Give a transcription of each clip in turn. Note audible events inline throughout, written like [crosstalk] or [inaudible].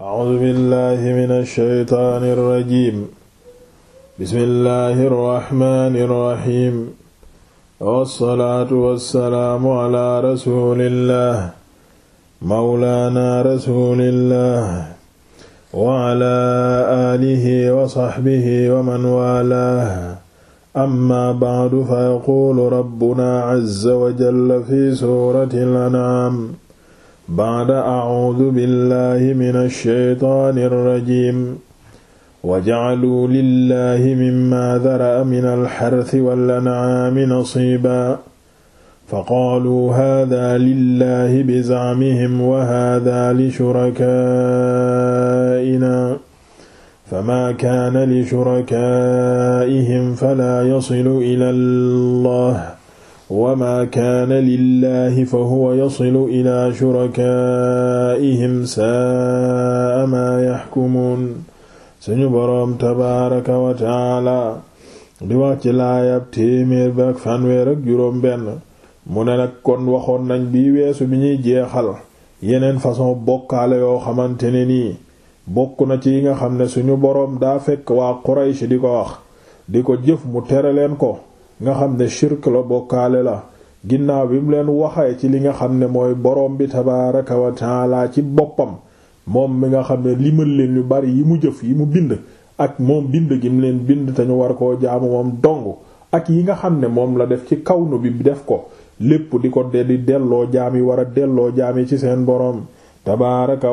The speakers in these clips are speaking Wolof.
A'uuzu billaahi mina shaytaani rajiim. Bismillaahi rahmaani rahiim. Wassalaatu wassalaamu alaa rasuulillaah. Mawlaanaa rasuulillaah. Wa alaa aalihi wa sahbihi wa man waalaah. Ammaa ba'du fa yaquulu rabbunaa azza wa jalla fi suuratil an'aam. baada acuudu billahi min alsheytaani alrajim wajacaluu lillahi mima dara'a min alxarsi walancaami nasiiba faqaaluu hada lillahi bizamihim wahada lishuraka'ina famaa kaana lishuraka'ihim falaa yasilu ila allah wa maa kaana lillahi fa huwa yasilu ilaa shurakaa'ihim saa'a maa yaxkumuun suñu boroom tabaaraka wa di wax ci laayab téeméer bi ak fanweer ak juróom benn mu ne nag kon waxoon nañ bi weesu bi ñuy jeexal yeneen façon bokkaale yoo xamante ne nii bokk na ci yi nga xam ne suñu boroom daa fekk waa Quraysh di ko wax di ko jëf mu tere leen ko nga xam ne shirk la bokkaale la ginnaaw bi mu leen waxee ci li nga xam ne mooy boroom bi tabaaraka wa taala ci boppam moom mi nga xam ne limal leen yu bari yi mu jëf yi mu bind ak moom bind gi mu leen bind te ñu war koo jaamu moom dong ak yi nga xam ne moom la def ci kawnu bi def ko lépp di ko de di delloo jaam yi war a delloo jaam yi ci seen boroom tabaaraka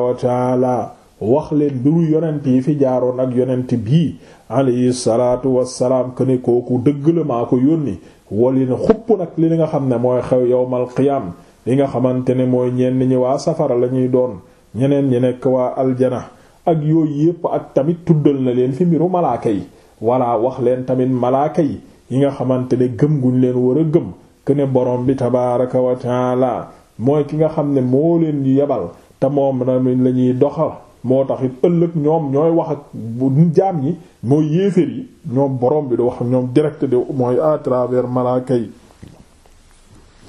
wax leen mbiru yonent yi fi jaaroon ak yonent bii alayhi salaatu wassalaam que ne kooku dëgg la maa ko yónni walin xupp nag li nga xam ne mooy xew yowmal qiyaam li nga xamante ne mooy ñenn ñi waa safara la ñuy doon ñeneen ñi nekk waa aljana ak yooyu yépp ak tamit tuddal na leen fi mbiru malaaka yi walla wax leen tamit malaaka yi yi nga xamante ne gëm guñ leen war a gëm que ne borom bi tabaaraka wa mooy ki nga xam ne moo leen yebal te moom lañuy ñuy doxal. moo tax it ëllëg ñoom ñooy wax ak bu jaam yi mooy yéeféer yi ñoom borom bi du wax ñoom direct de mooy à travers malaaka yi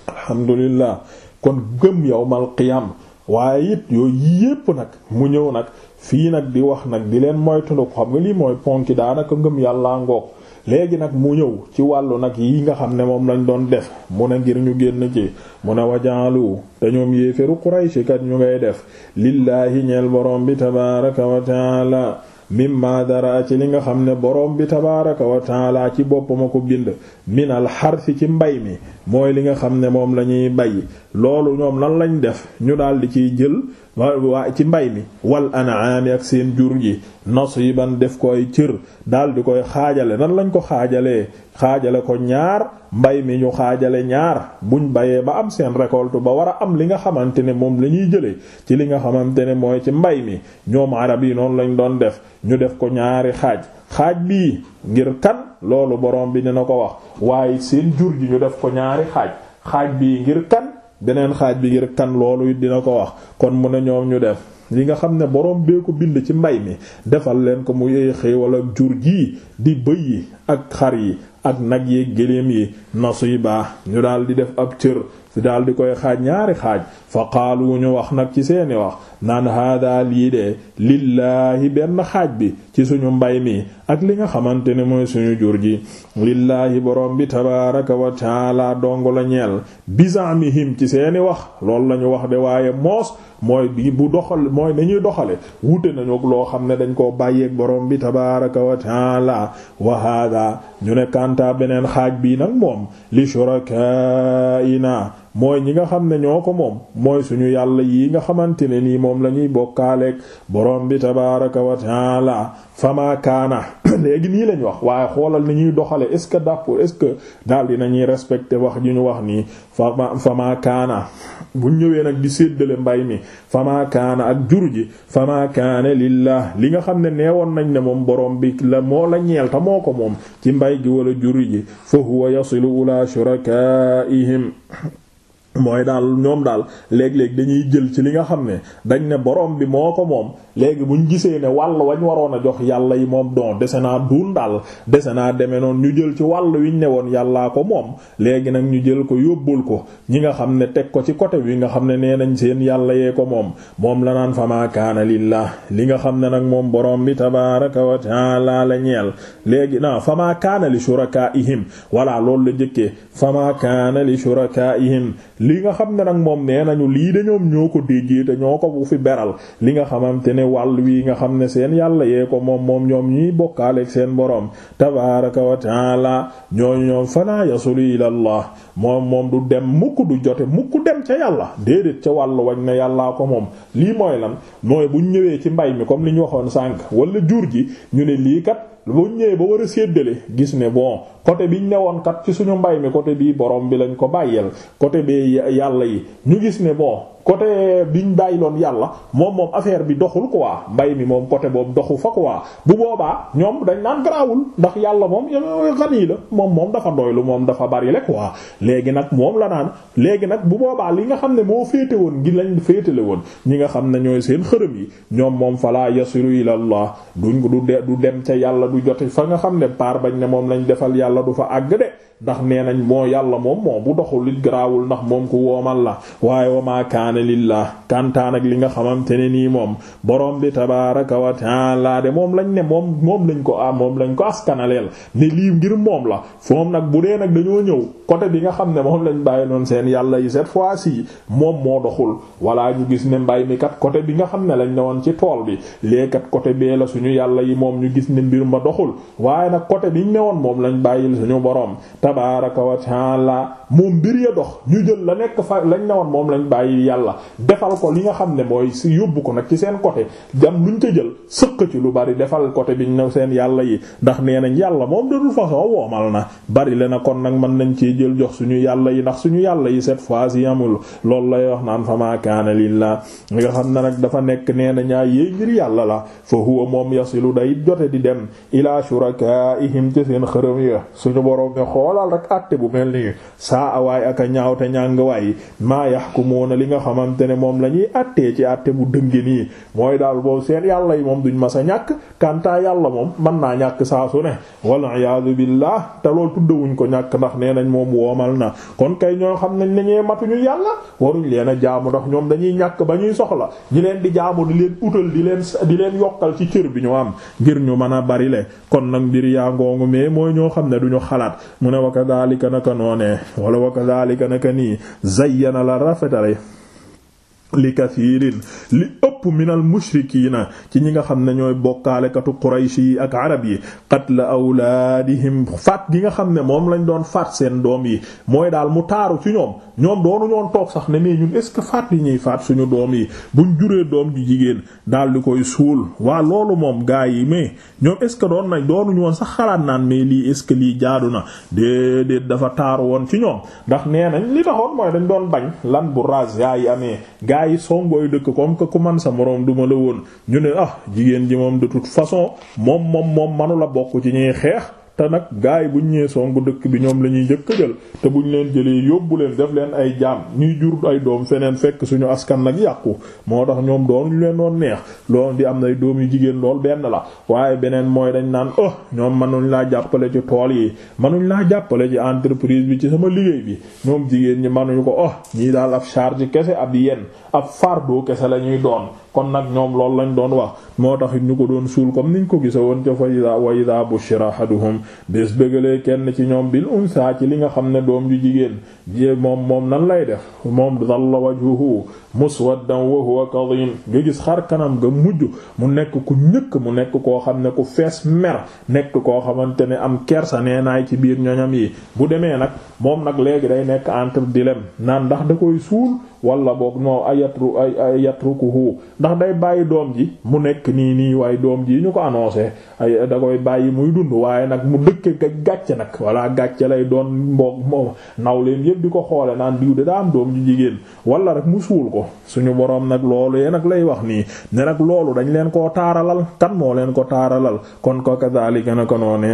alhamdulillah kon gëm yawmal qiyam waaye it yooyu yépp nag mu ñëw nag fii nag di wax nag di leen moytu ko xam nga lii mooy ponk yi daanaka ngëm yàllaa ngoog léegi nag mu ñëw ci wàllu nag yi nga xam ne moom lañ doon def mu ne ngir ñu génn ci mu ne wajaalu te ñoom yéeféru Quraysh kat ñu ngay def lillaahi ñeel borom bi tabaaraka wa taala mimma dara ci li nga xam ne borom bi tabaaraka wa taala ci boppam a ko bind minal xarsi ci mbay mi mooy li nga xam ne moom la ñuy bay loolu ñoom lan lañ def ñu daal di ciy jël waa ci mbay mi wal anaami ak seen jur gi yi nasiban def koy cër daal di koy xaajale nan lañ ko xaajalee xaajale ko ñaar mbay mi ñu xaajale ñaar buñ bayee ba am seen récolte ba war a am li nga xamante ne moom la ñuy jëlee ci li nga xamante ne mooy ci mbay mi ñoom arab yi noonu lañ doon def ñu def ko ñaari xaaj xaaj bii ngir kan loolu borom bi dina ko wax waaye seen jur ji ñu def ko ñaari xaaj xaaj bii ngir kan beneen xaaj bi ngir kan loolu dina ko wax kon mu ne ñoom ñu def li nga xam ne borom bee ko bind ci mbay mi defal leen ko mu yéey xéewal jur jii di bëy yi ak xar yi ak nag yi gëléem yi baa ñu daal di def ab cër daal di koy xaaj ñaari xaaj fa wu ñu wax nag ci seeni wax naan hada lii de lillaahi benn xaaj bi ci suñu mbay mi ak li nga xamante ne mooy suñu jur ji lillaahi borom bi tabaaraka wa taala dong la ñeel bizaamihim ci seeni wax lool lañu wax de waaye moos mooy bu doxal mooy nañuy doxale wuute nañu ak loo xam ne dañ koo bàyyeeg borom bi tabaaraka wa taala wa hada ñu ne kanta beneen xaaj bi nag moom li shurakaina mooy ñi nga xam ne ñoo ko moom mooy suñu yàlla yi nga xamante ne nii moom la ñuy bokkaaleeg borom bi tabaaraka wa taala fama kaana [coughs] léegi nii lañ wax waaye xoolal ni ñuy doxale est-ce que d'accord est-ce que daal dinañuy respecter wax ju ñu wax nii fama fama kaana buñ ñëwee nag di séddale mbay mi fama kaana ak jur ji fama kaana li nga xam ne neewoon nañ ne moom borom bi la moo la ñeel moo ko moom ci mbay gi wala jur ji fa huwa yasilu ila shurakaihim mooy daal ñoom daal léeg-léeg dañuy jël ci li nga xam ne dañ ne borom bi moo ko moom léegi buñ gisee ne wàll wañ waroon a jox yàlla yi moom don dese naa duun daal dese naa demee noonu ñu jël ci wàll wiñ ne woon yàllaa ko moom léegi nag ñu jël ko yóbbul ko ñi nga xam ne teg ko ci côté bi nga xam ne nee nañ seen yàlla yee ko moom moom la naan famaa kaana lillah li nga xam ne nag moom boroom bi tabaaraka wa taala la ñeel léegi na famaa li nga xam ne nag moom nee nañu lii de ñoom ñoo ko déggee te ñoo ko bu fi beral li nga xamante ne wàll wi nga xam ne seen yàlla yee ko moom moom ñoom ñuy bokkaale seen boroom tabaaraka wa taala ñooñu ñoom fanaa yasulu ilallah moom moom du dem mukk du jote mukk dem ca yàlla déedéet ca wàll wañ na yàllaa ko moom lii mooy lan mooy buñ ñëwee ci mbay mi comme li ñu waxoon sànk wala jur ji ñu ne lii kat buñ ñëwee ba war a séddalee gis ne bon côté biñ newoon kat ci suñu mbay mi côté bii borom bi lañ ko bàyyeel côté bi yàlla yi ñu gis ne bon bi côté biñ bàyyiloon yàlla moom moom affaire bi doxul quoi mbay mi moom côté boobu doxu fa ko quoi bu boobaa ñoom dañ naan garaawul ndax yàlla moom gani la moom moom dafa doylu moom dafa bari le quoi léegi nag moom la naan léegi nag bu boobaa li nga xam ne moo féete woon gi lañ féetale woon ñi nga xam ne ñooy seen xërëm yi ñoom moom falaa yasiru ilallah duñ du dem ca yàlla du jote fa nga xam ne par bañ ne moom lañ defal yàlla du fa àgg de ndax nee nañ moo yàlla moom moo bu doxul it garaawul ndax moom ku woomal la waaye wamaa kaana lillah kantaan ak li nga xamante ne nii moom borom bi tabaaraka wa taala de moom lañ ne moom moom lañ ko ah lañ ko askanaleel ne lii ngir moom la foom nag bu dee nag dañoo ñëw côté bi nga xam ne moom lañ bàyyi noon seen yàlla yi cette fois ci moom moo doxul walla ñu gis ne mbay mi kat côté bi nga xam ne lañ ne woon ci tool bi léegi kat côté bee la suñu yàlla yi moom ñu gis ne mbir ma doxul waaye nag côté biñ ne woon moom lañ bàyyil suñu boroom tabaaraka wa taala moom mbir ya dox ñu jël la nekk fa lañ ne woon moom lañ bàyyi yàlla defal ko li nga xam ne mooy si yóbbu ko nag ci seen côté jam luñ ca jël sëq ci lu bari defal bi biñ ne seen yàlla yi ndax nee nañ yàlla moom de toute façon woomal na bari le na kon nag mën nañ ci jël jox suñu yàlla yi ndax suñu yàlla yi cette fois yi amul loolu lay wax naan fa maa kaana lillaa li nga xam ne nag dafa nekk nee na ñaa yéey ngir yàlla la fa huwa moom yasilu day jote di dem ila shurakaihim ci seen xërëm ya suñu borom xool xoolal rek àtte bu mel nii saa awaay ak a ñaaw te ñàngwaay maa yahkumuna li nga xamante ne moom la ñuy àttee ci àtte bu dënge nii mooy daal boobu seen yàlla yi moom duñ mas a ñàkk kantaa yàlla moom man naa ñàkk saa su ne walla iyaadu billah te loolu tuddawuñ ko ñàkk ndax nee nañ moom woomal na kon kay ñoo xam nañ ne ñee matuñu yàlla waruñ leen a jaamu ndax ñoom dañuy ñàkk ba ñuy soxla ñi leen di jaamu di leen utal di leen di leen yokkal ci cër bi ñu am ngir ñu mën a bari le kon wa kadhalika naka noonee wala wa kadhalika naka nii zayyana la rafetale li kathirin li ëpp minal na ci ñi nga xam ne ñooy bokkaalekatu quraysh yi ak arab yi qatla awlaadihim faat gi nga xam ne moom lañ doon faat seen doom yi mooy daal mu taaru ci ñoom ñoom doonu ñoon toog sax ne mais ce que faat yi ñuy faat suñu doom yi juree doom ju jigéen daal di koy suul waa loolu moom gaa yi mais ñoom est ce que doon nañ doonu ñoon sax xalaat naan mais lii est ce que lii jaadu na déedéet dafa taaru woon ci ñoom ndax nee nañ li taxoon mooy dañ doon bañ lan bu razia yi amee gaa yi songooy dëkk comme que ku man sa moroom duma la woon ñu ne ah jigéen ji moom du toute façon moom moom moom manu bokk ci ñuy xeex te nag gars yi bu ñu ñëwee songu dëkk bi ñoom la ñuy njëkk jël te bu ñu leen jëlee yóbbu leen def leen ay jaam ñuy jur ay doom feneen fekk suñu askan nag yàqu moo tax ñoom doon leen doon neex loolu di am nay doom yu jigéen lool benn la waaye beneen mooy dañu naan oh ñoom mënuñ laa jàppale ci tool yi mënuñ laa jàppale ci entreprise bi ci sama liggéey bi ñoom jigéen ñi mënuñu ko o oh ñii daal ab charge kese ab yenn ab fardeau kese la ñuy doon kon nag ñoom lool lañ doon wax moo tax ñu ko doon suul comme niñ ko gisa woon ca fa ida wa ida bushira ahaduhum bés bëggalee kenn ci ñoom bil unsa ci li nga xam ne doom yu jigéen jie moom moom nan lay def moom la dalla wajhuhu muswaddan wa huwa kadhim nga gis xar kanam ga mujj mu nekk ku ñëkk mu nekk koo xam ne ku fees mer nekk koo xamante ne am kersa nee naay ci biir ñoñam yi bu demee nag moom nag léegi day nekk entre dilemme naan ndax da koy suul wala boog noo ayatru ay yatrukuhu ndax day bàyyi doom ji mu nekk nii nii waaye doom ji ñu ko annoncé ay da koy bàyyi muy dund waaye nag mu dëkke ga gàcce nag wala gàcce lay doon mboog moom naw leen yëpp di ko xoole naan diw de am doom ji jigéen wala rek ko suñu boroom nag loolu yee nag lay wax nii ne nag loolu dañ leen koo taaralal kan moo leen ko taaralal kon ko kadhalika na ko noone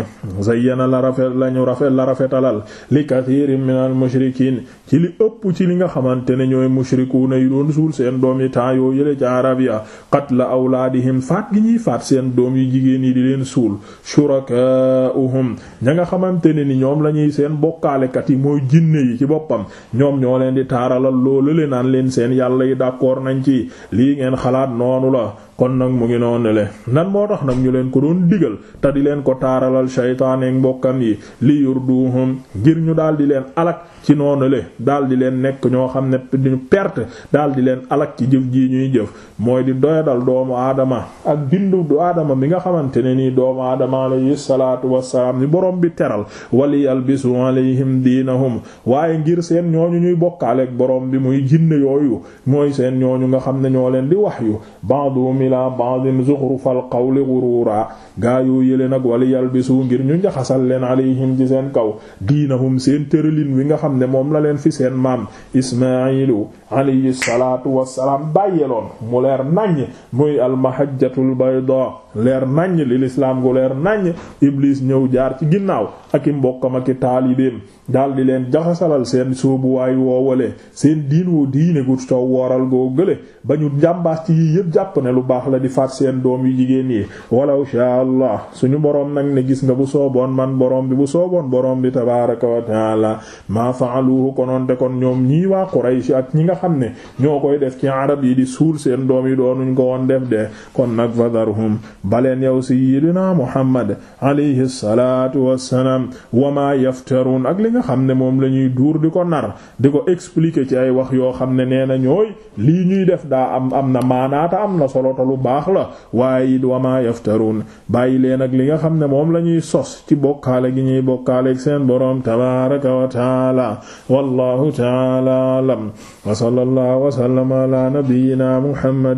zayyana la rafet lañu rafet la rafetalal li kathirin minal mushrikiin ci li ëpp ci li nga xamante ne ñooy mushrikuuna yu doon suul seen doom yi temps yoo yële ca Arabia qatla awlaadihim faat gi ñuy faat seen doom yu jigéen yi di leen suul shurakaa'uhum ña nga xamante ne ni ñoom lañuy seen bokkaalekat yi mooy jinne yi ci boppam ñoom ñoo leen di taaralal loolu le naan leen seen yàlla yàlla yi d'accord nañ ci lii ngeen xalaat noonu la kon nag mu ngi noonu le nan moo tax nag ñu leen ko doon digal te di leen ko taaralal shaytaan mbokkam yi li yurduhum ngir ñu daal di leen alak ci noonu le daal di leen nekk ñoo xam ne ñu perte daal di leen alak ci jëf ji ñuy jëf mooy di doyadal doomu aadama ak bindu du aadama bi nga xamante ne nii doomu aadama alayhi salaatu wassalaam ni borom bi teral wali yalbisu alayhim diinahum waaye ngir seen ñooñu ñuy bokkaaleek borom bi muy jinne yooyu mooy seen ñooñu nga xam ne ñoo leen di wax yu ila ba'din zukhrufal qawli ghuruura gaa yoo yële nag wala yalbisu ngir ñu njaxasal leen alayhim ci seen kaw diinahum seen tërëlin wi nga xam ne moom la leen fi seen maam ismailu alayhi salaatu wassalaam bàyyeloon mu leer naññ muy almahajjatul bayda leer naññ li lislaam gu leer naññ iblis ñëw jaar ci ginnaaw ak i mbokkam ak i taalibeem daal di leen jaxasalal seen soobuwaay woowale seen diin woo diine gu taw wooral goo gële ba ñu njàmbaas ci yii yëpp jàpp ne lu baax la di faat seen doom yi jigéen yi walaw sha allah suñu boroom nag ne gis nga bu sooboon man borom bi bu sooboon borom bi tabaraka wa taala maa faaluhu konoon te kon ñoom ñii waa Quraysh ak ñi nga xam ne ñoo koy def ci arab yi di suul seen doom yi doonuñ ko woon def kon nag fadarhum baleen yow sayyidina muhammad alayhi salaatu wassalaam wama yaftaruun ak li nga xam ne moom la ñuy duur di ko nar di ko expliquer ci ay wax yoo xam ne nee na ñooy lii ñuy def daa am am na maanaata am na solo te lu baax la waaye it wama yaftaruun bàyyi leen ak li nga xam ne moom la ñuy sos ci bokkaale gi ñuy bokkaale seen boroom tabaaraka wa taala wallahu taala alam wa sallallahu wa sallama ala nabiyyina muhammad